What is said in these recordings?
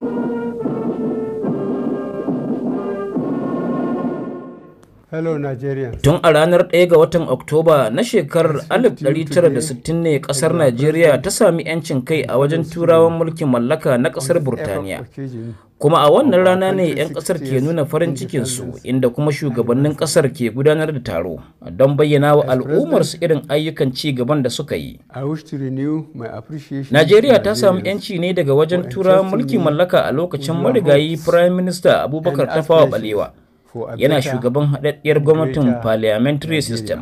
Thank you. Tun a ranar 1 ga watan Oktoba na shekarar 1960 ne kasar Najeriya ta sami 'yancin kai a wajen turawan mulkin mallaka na kasar Burtaniya. Kuma a wannan rana ne 'yan kasar ke nuna farin cikinsu inda kuma shugabannin kasar ke gudanar da taro don bayyana wa al'ummarsu irin ayyukan ci gaban da suka yi. Najeriya ta sami 'yanci ne daga wajen turawan mulkin mallaka a lokacin marigayi Prime Minister Abubakar Tafawa Balewa. yana shugaban haɗaɗɗiyar gwamnatin parliamentary system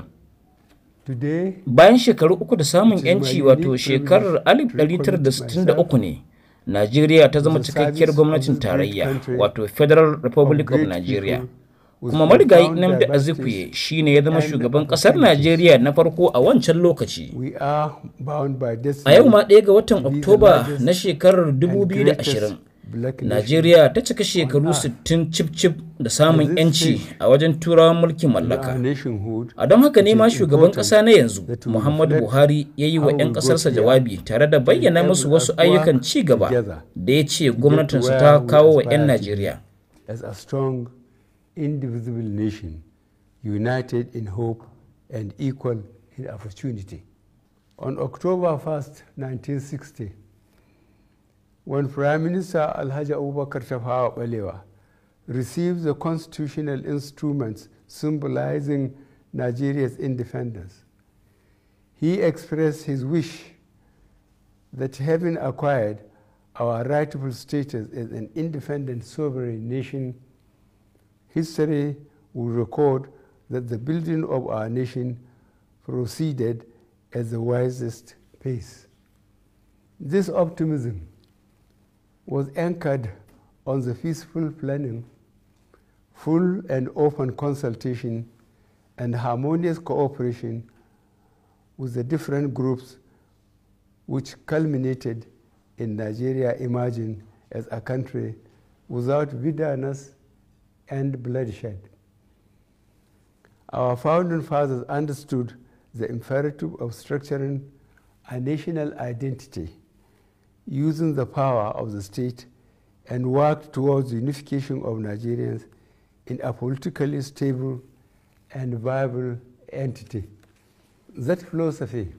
bayan shekaru uku da samun yanci wato shekarar 1963 ne najeriya ta zama cikakkiyar gwamnatin tarayya wato federal republic of nigeria kuma marigayi nnamdi azikwe shine ya zama shugaban kasar najeriya na farko a wancan lokaci a yau ma ɗaya ga watan oktoba na shekarar 2020 Najeriya ta cika shekaru 60 cip cip da samun 'yanci a wajen turawan mulkin mallaka. A don haka ne ma shugaban ƙasa na yanzu Muhammadu Buhari ya yi wa 'yan ƙasarsa jawabi tare da bayyana musu wasu ayyukan ci gaba da ya ce gwamnatinsa ta kawo wa 'yan Najeriya. On October 1 1960, when Prime Minister Alhaji Abubakar Tafawa Balewa received the constitutional instruments symbolizing Nigeria's independence, he expressed his wish that having acquired our rightful status as an independent sovereign nation, history will record that the building of our nation proceeded at the wisest pace. This optimism was anchored on the peaceful planning, full and open consultation, and harmonious cooperation with the different groups which culminated in Nigeria emerging as a country without bitterness and bloodshed. Our founding fathers understood the imperative of structuring a national identity using the power of the state and worked towards the unification of Nigerians in a politically stable and viable entity. That philosophy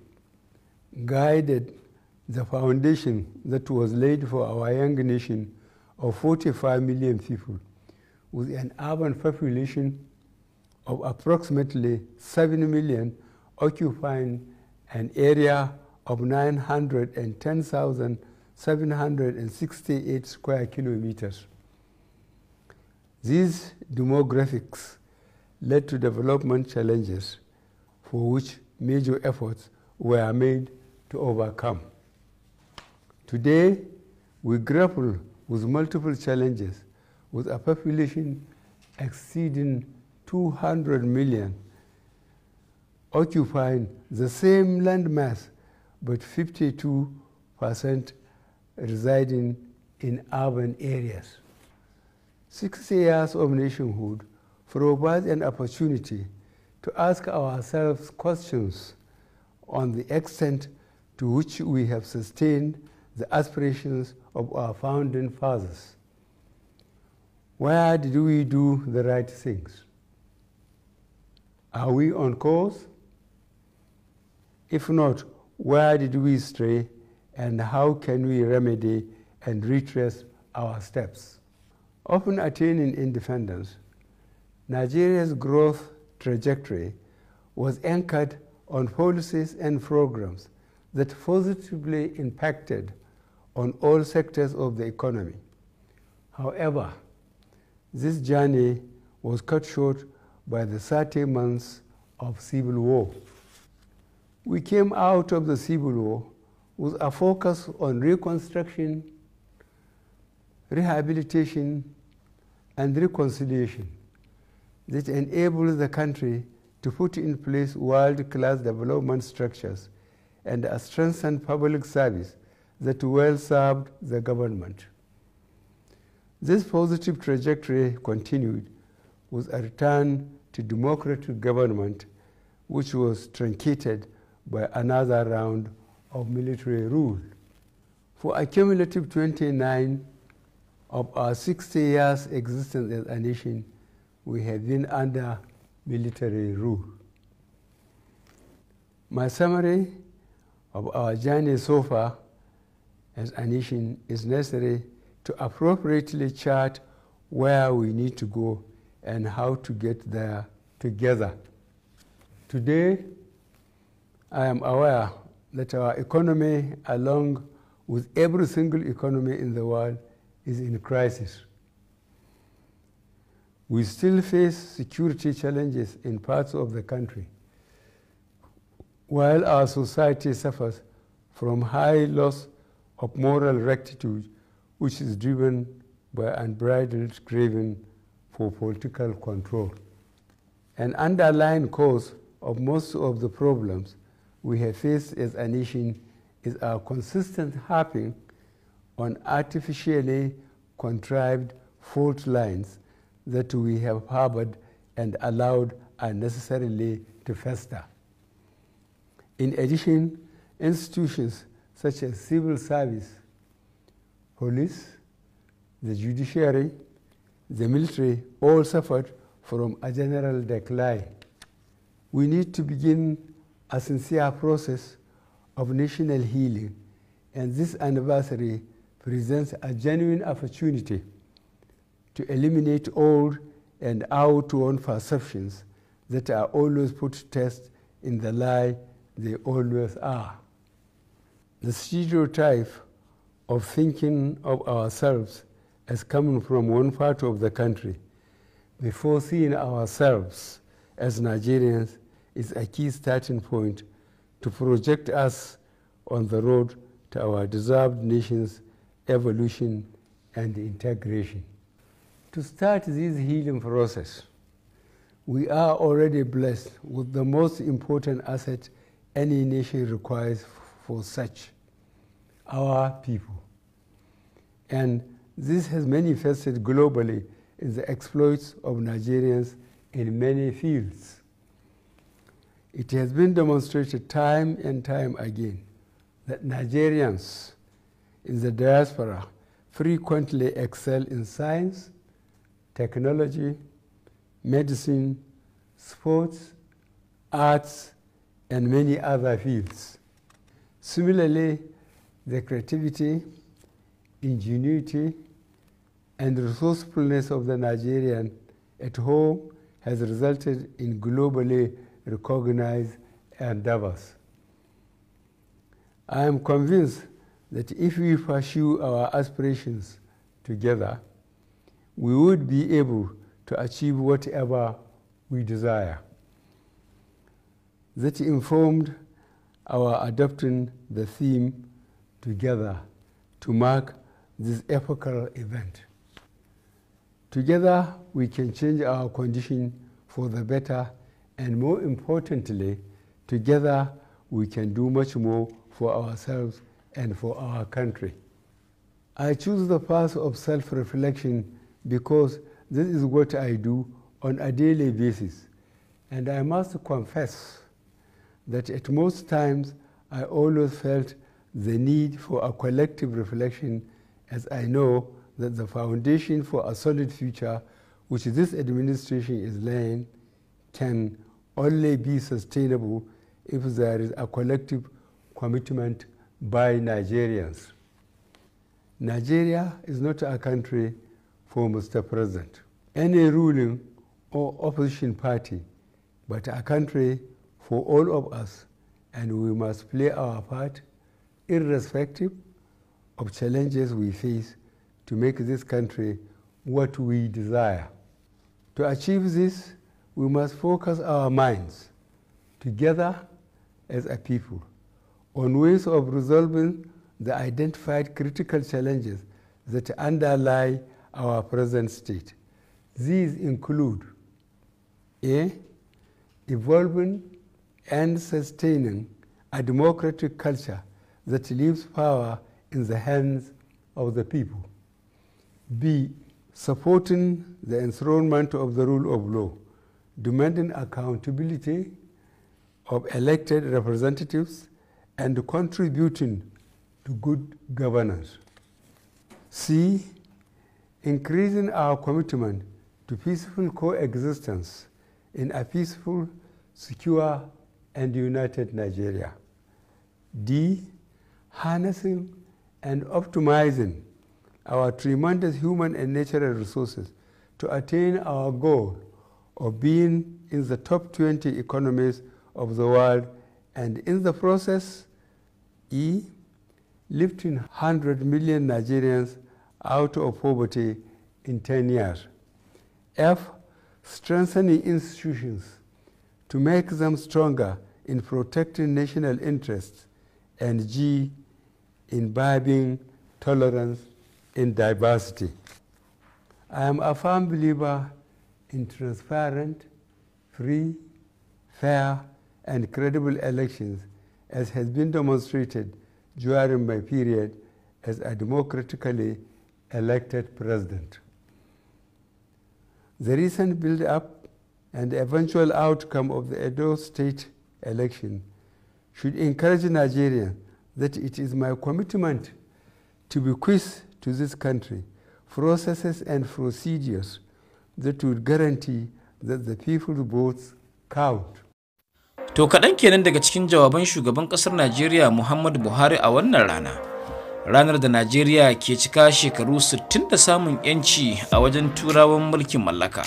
guided the foundation that was laid for our young nation of 45 million people with an urban population of approximately 7 million occupying an area of 910,000 768 square kilometers. These demographics led to development challenges for which major efforts were made to overcome. Today, we grapple with multiple challenges with a population exceeding 200 million, occupying the same landmass but 52 percent residing in urban areas. Six years of nationhood provides an opportunity to ask ourselves questions on the extent to which we have sustained the aspirations of our founding fathers. Where did we do the right things? Are we on course? If not, where did we stray and how can we remedy and retrace our steps. Often attaining independence, Nigeria's growth trajectory was anchored on policies and programs that positively impacted on all sectors of the economy. However, this journey was cut short by the 30 months of civil war. We came out of the civil war with a focus on reconstruction, rehabilitation, and reconciliation that enables the country to put in place world-class development structures and a strengthened public service that well served the government. This positive trajectory continued with a return to democratic government, which was truncated by another round of military rule. For a cumulative 29 of our 60 years existence as a nation, we have been under military rule. My summary of our journey so far as a nation is necessary to appropriately chart where we need to go and how to get there together. Today, I am aware that our economy, along with every single economy in the world, is in crisis. We still face security challenges in parts of the country, while our society suffers from high loss of moral rectitude, which is driven by unbridled craving for political control. An underlying cause of most of the problems we have faced as a nation is our consistent harping on artificially contrived fault lines that we have harbored and allowed unnecessarily to fester. In addition, institutions such as civil service, police, the judiciary, the military all suffered from a general decline. We need to begin a sincere process of national healing, and this anniversary presents a genuine opportunity to eliminate old and outworn perceptions that are always put to test in the lie they always are. The stereotype of thinking of ourselves as coming from one part of the country before seeing ourselves as Nigerians is a key starting point to project us on the road to our deserved nation's evolution and integration. To start this healing process, we are already blessed with the most important asset any nation requires for such our people. And this has manifested globally in the exploits of Nigerians in many fields. It has been demonstrated time and time again that Nigerians in the diaspora frequently excel in science, technology, medicine, sports, arts, and many other fields. Similarly, the creativity, ingenuity, and resourcefulness of the Nigerian at home has resulted in globally recognize endeavors. I am convinced that if we pursue our aspirations together, we would be able to achieve whatever we desire. That informed our adopting the theme together to mark this epochal event. Together, we can change our condition for the better and more importantly, together we can do much more for ourselves and for our country. I choose the path of self reflection because this is what I do on a daily basis. And I must confess that at most times I always felt the need for a collective reflection as I know that the foundation for a solid future which this administration is laying can only be sustainable if there is a collective commitment by Nigerians. Nigeria is not a country for Mr. President, any ruling or opposition party, but a country for all of us, and we must play our part irrespective of challenges we face to make this country what we desire. To achieve this, we must focus our minds together as a people on ways of resolving the identified critical challenges that underlie our present state. These include A. Evolving and sustaining a democratic culture that leaves power in the hands of the people. B. Supporting the enthronement of the rule of law demanding accountability of elected representatives and contributing to good governance. C. Increasing our commitment to peaceful coexistence in a peaceful, secure, and united Nigeria. D. Harnessing and optimizing our tremendous human and natural resources to attain our goal of being in the top 20 economies of the world and in the process, E, lifting 100 million Nigerians out of poverty in 10 years. F, strengthening institutions to make them stronger in protecting national interests, and G, imbibing tolerance in diversity. I am a firm believer in transparent, free, fair, and credible elections, as has been demonstrated during my period as a democratically elected president. The recent build-up and eventual outcome of the Edo state election should encourage Nigeria that it is my commitment to bequeath to this country processes and procedures that would guarantee that the people's votes count. To kaɗan kenan daga cikin jawaban shugaban ƙasar Najeriya Muhammadu Buhari a wannan rana. Ranar da Najeriya ke cika shekaru 60 da samun 'yanci a wajen turawan mulkin mallaka.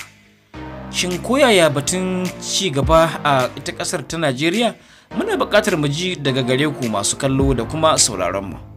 Shin koyaya batun ci gaba a ita ƙasar ta Najeriya? Muna buƙatar mu ji daga gare ku masu kallo da kuma sauraronmu. mu.